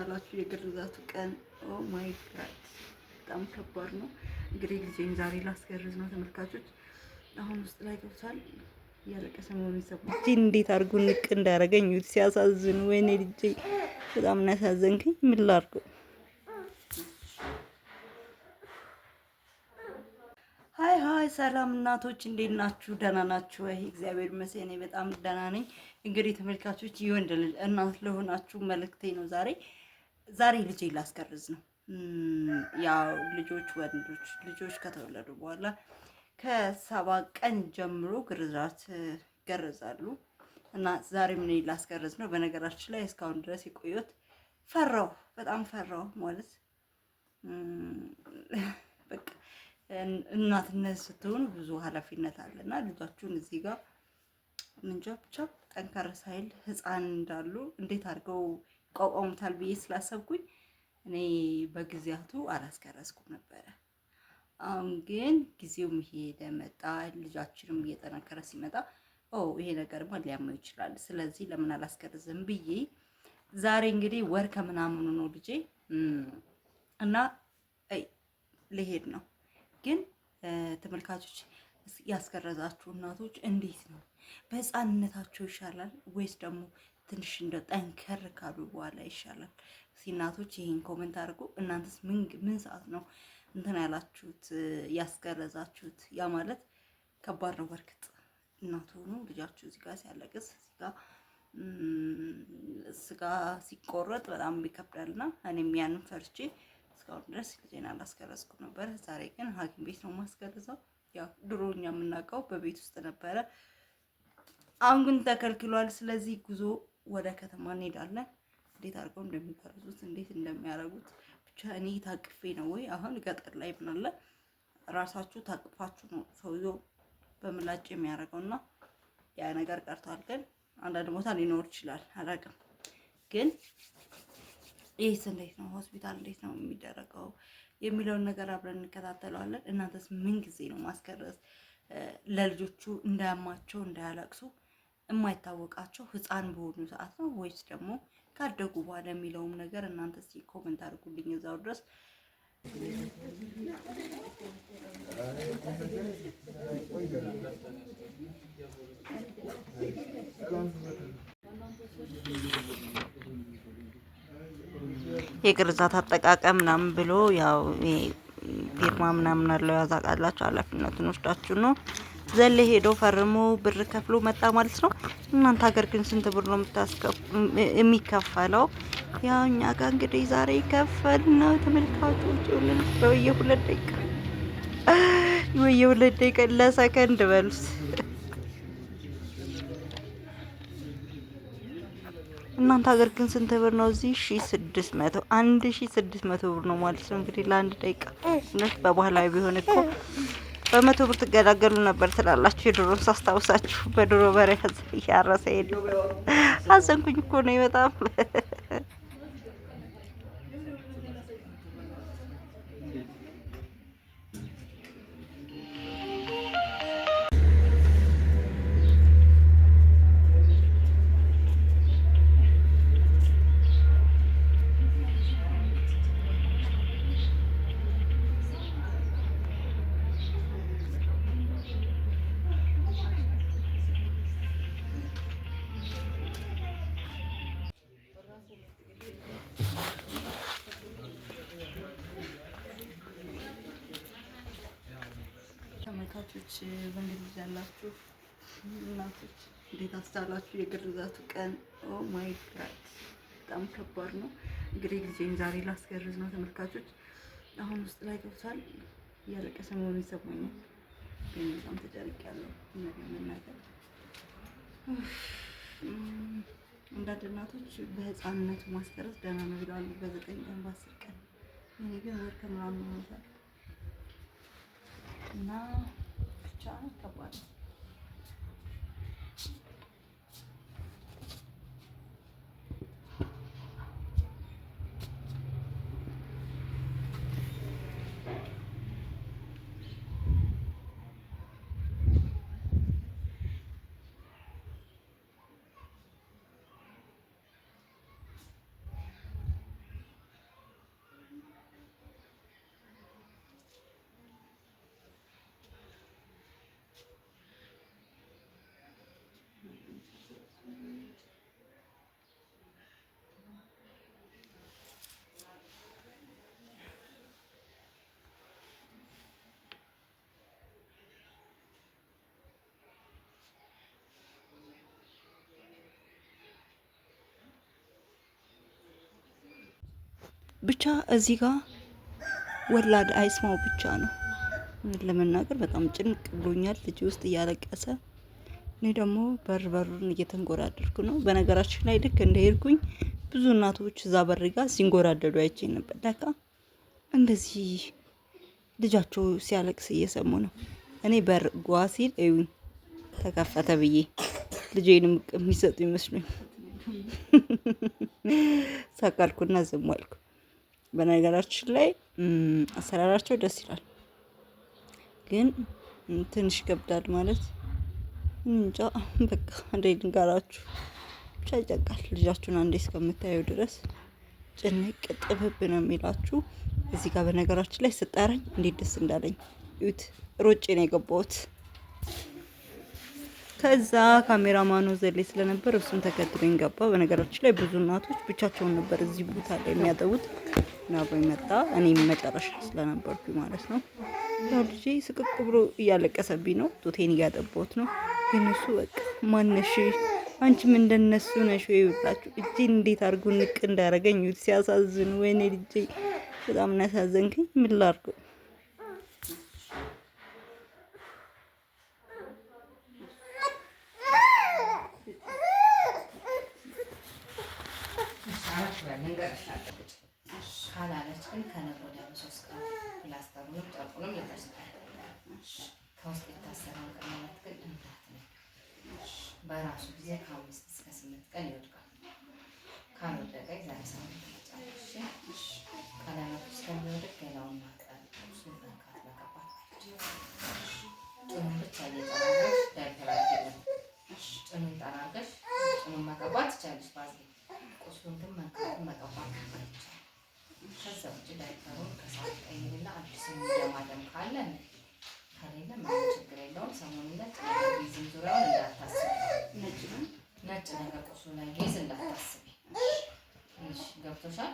አላችሁ። የግርዛቱ ቀን ኦ ማይ ጋድ በጣም ከባድ ነው። እንግዲህ ጊዜን ዛሬ ላስገርዝ ነው ተመልካቾች። አሁን ውስጥ ላይ ገብቷል እያለቀሰ መሆኑን ይሰማል። እንዴት አድርጎ ንቅ እንዳደረገኝ ሲያሳዝን! ወይኔ ልጄ በጣም ነው ያሳዘንከኝ። ምን ላድርገው? ሀይ ሀይ፣ ሰላም እናቶች እንዴት ናችሁ? ደህና ናችሁ ወይ? እግዚአብሔር ይመስገን እኔ በጣም ደህና ነኝ። እንግዲህ ተመልካቾች የወንድ ልጅ እናት ለሆናችሁ መልእክቴ ነው ዛሬ ዛሬ ልጄ ላስገርዝ ነው። ያው ልጆች ወንዶች ልጆች ከተወለዱ በኋላ ከሰባ ቀን ጀምሮ ግርዛት ይገረዛሉ እና ዛሬ ምን ላስገርዝ ነው። በነገራችን ላይ እስካሁን ድረስ የቆየሁት ፈራሁ፣ በጣም ፈራሁ ማለት እናትነት ስትሆኑ ብዙ ኃላፊነት አለና ልጃችሁን እዚህ ጋር ምንጃ ብቻ ጠንከር ሳይል ህፃን እንዳሉ እንዴት አድርገው ይቋቋሙታል ብዬ ስላሰብኩኝ እኔ በጊዜያቱ አላስቀረስኩም ነበረ። አሁን ግን ጊዜው ሄደ መጣ፣ ልጃችንም እየጠናከረ ሲመጣ ኦ ይሄ ነገርማ ሊያመው ይችላል፣ ስለዚህ ለምን አላስቀርዝም ብዬ ዛሬ እንግዲህ ወር ከምናምኑ ነው ልጄ እና ልሄድ ነው። ግን ተመልካቾች ያስቀረዛችሁ እናቶች እንዴት ነው? በህፃንነታቸው ይሻላል ወይስ ደግሞ ትንሽ እንደ ጠንከር ካሉ በኋላ ይሻላል። እናቶች ይሄን ኮመንት አድርጎ እናንተስ ምን ምን ሰዓት ነው እንትን ያላችሁት ያስገረዛችሁት? ያ ማለት ከባድ ነው። በርግጥ እናቱ ሆኖ ልጃችሁ እዚህ ጋር ሲያለቅስ እዚህ ጋር ስጋ ሲቆረጥ በጣም ይከብዳልና እኔም ያንን ፈርቼ እስካሁን ድረስ ልጄን አላስገረዝኩም ነበር። ዛሬ ግን ሐኪም ቤት ነው ማስገረዘው። ያው ድሮ እኛ የምናውቀው በቤት ውስጥ ነበረ። አሁን ግን ተከልክሏል። ስለዚህ ጉዞ ወደ ከተማ እንሄዳለን። እንዴት አድርገው እንደሚፈርዙት እንዴት እንደሚያደርጉት ብቻ እኔ ታቅፌ ነው ወይ አሁን ገጠር ላይ ምናለ ራሳችሁ ታቅፋችሁ ነው ሰውየው በምላጭ የሚያደርገው እና ያ ነገር ቀርቷል። ግን አንዳንድ ቦታ ሊኖር ይችላል አላውቅም። ግን ይህስ እንዴት ነው ሆስፒታል እንዴት ነው የሚደረገው የሚለውን ነገር አብረን እንከታተለዋለን። እናንተስ ምን ጊዜ ነው ማስከረስ ለልጆቹ እንዳያማቸው እንዳያለቅሱ የማይታወቃቸው ህፃን በሆኑ ሰዓት ነው ወይስ ደግሞ ካደጉ በኋላ የሚለውም ነገር እናንተ እስኪ ኮመንት አድርጉልኝ። እዛው ድረስ የግርዛት አጠቃቀም ምናምን ብሎ ያው ፊርማ ምናምን አለው ያዛቃላችሁ ኃላፊነቱን ወስዳችሁ ነው ዘለ ሄዶ ፈርሞ ብር ከፍሎ መጣ ማለት ነው። እናንተ ሀገር ግን ስንት ብር ነው የሚከፈለው? ያው እኛ ጋር እንግዲህ ዛሬ ይከፈል ነው ተመልካቾች። ሁሉን በየሁለት ደቂቃ በየሁለት ደቂቃ ለሰከንድ በሉት እናንተ ሀገር ግን ስንት ብር ነው? እዚህ ሺ ስድስት መቶ አንድ ሺ ስድስት መቶ ብር ነው ማለት ነው እንግዲህ ለአንድ ደቂቃ እውነት በባህላዊ ቢሆን እኮ በመቶ ብር ትገላገሉ ነበር ትላላችሁ። የድሮን ሳስታውሳችሁ በድሮ በሬ ያረሰ ሄዱ። አዘንኩኝ እኮ ነው በጣም እናቶች ወንድ ልጅ ያላችሁ እናቶች እንዴት አስቻላችሁ? የግርዛቱ ቀን ኦ ማይ ጋድ በጣም ከባድ ነው። እንግዲህ ጊዜን ዛሬ ላስገርዝ ነው ተመልካቾች። አሁን ውስጥ ላይ ገብቷል። እያለቀሰ መሆኑን ይሰማኛል፣ ግን በጣም ተጨርቄያለሁ። ነገር መናገር አንዳንድ እናቶች በህፃንነቱ ማስገረዝ ደህና ነው ይላሉ፣ በዘጠኝ ቀን በአስር ቀን እኔ ግን ወር ከምናምን ሆኖታል እና ብቻ ከባድ ነው። ብቻ እዚህ ጋር ወላድ አይስማው ብቻ ነው ለመናገር በጣም ጭንቅ ብሎኛል። ልጅ ውስጥ እያለቀሰ እኔ ደግሞ በር በሩን እየተንጎራደድኩ ነው። በነገራችን ላይ ልክ እንደሄድኩኝ ብዙ እናቶች እዛ በር ጋር ሲንጎራደዱ አይቼ ነበር። ለካ እንደዚህ ልጃቸው ሲያለቅስ እየሰሙ ነው። እኔ በር ጓ ሲል እዩኝ ተከፈተ ብዬ ልጄንም የሚሰጡ ይመስሉኝ ሳቃልኩና ዝም አልኩ። በነገራችን ላይ አሰራራቸው ደስ ይላል፣ ግን ትንሽ ይከብዳል ማለት እንጃ። በቃ እንደ ልንጋራችሁ ብቻ ይጨቃል። ልጃችሁን አንዴ እስከምታየው ድረስ ጭንቅ ጥብብ ነው የሚላችሁ። እዚህ ጋር በነገራችን ላይ ስጠረኝ እንዴት ደስ እንዳለኝ እዩት። ሮጬ ነው የገባሁት። ከዛ ካሜራማኑ ዘሌ ስለነበር እሱን ተከትሎኝ ገባ። በነገራችን ላይ ብዙ እናቶች ብቻቸውን ነበር እዚህ ቦታ ላይ የሚያጠቡት እና መጣ። እኔም መጨረሻ ስለነበርኩ ማለት ነው። ያው ልጄ ስቅቅ ብሎ እያለቀሰብኝ ነው፣ ጡቴን እያጠባሁት ነው። ግን እሱ በቃ ማነሽ አንቺም እንደነሱ ነሽ ወይ ብላችሁ እንዴት አድርጎ ንቅ እንዳደረገኝ ሲያሳዝን፣ ወይኔ ልጄ በጣም እናሳዘንከኝ። ምን ላድርገው መንገዶች ናቸው። ካላለች ግን ከነገ ወዲያ በሶስት ቀን ፕላስተሩንም ጨርቁንም ይገዛል። ከውስጥ የታሰረውን ቀለበት ግን እንዳት በራሱ ጊዜ ከአምስት እስከ ስምንት ቀን ይወድቃል። ካልወደቀ ዛሬ ሳምንት መጨረሻ ከዛ ውጭ ዳይፐሩን ከሰዓት ቀይርና አዲሱ የሚደማለም ካለ ከሌለ ምንም ችግር የለውም። ሰሞኑን ነጭ ነገር ጊዜም ዙሪያውን እንዳታስቢ፣ ነጭ ነገር ቁሱ ላይ ጊዜ እንዳታስቢ። ገብቶሻል?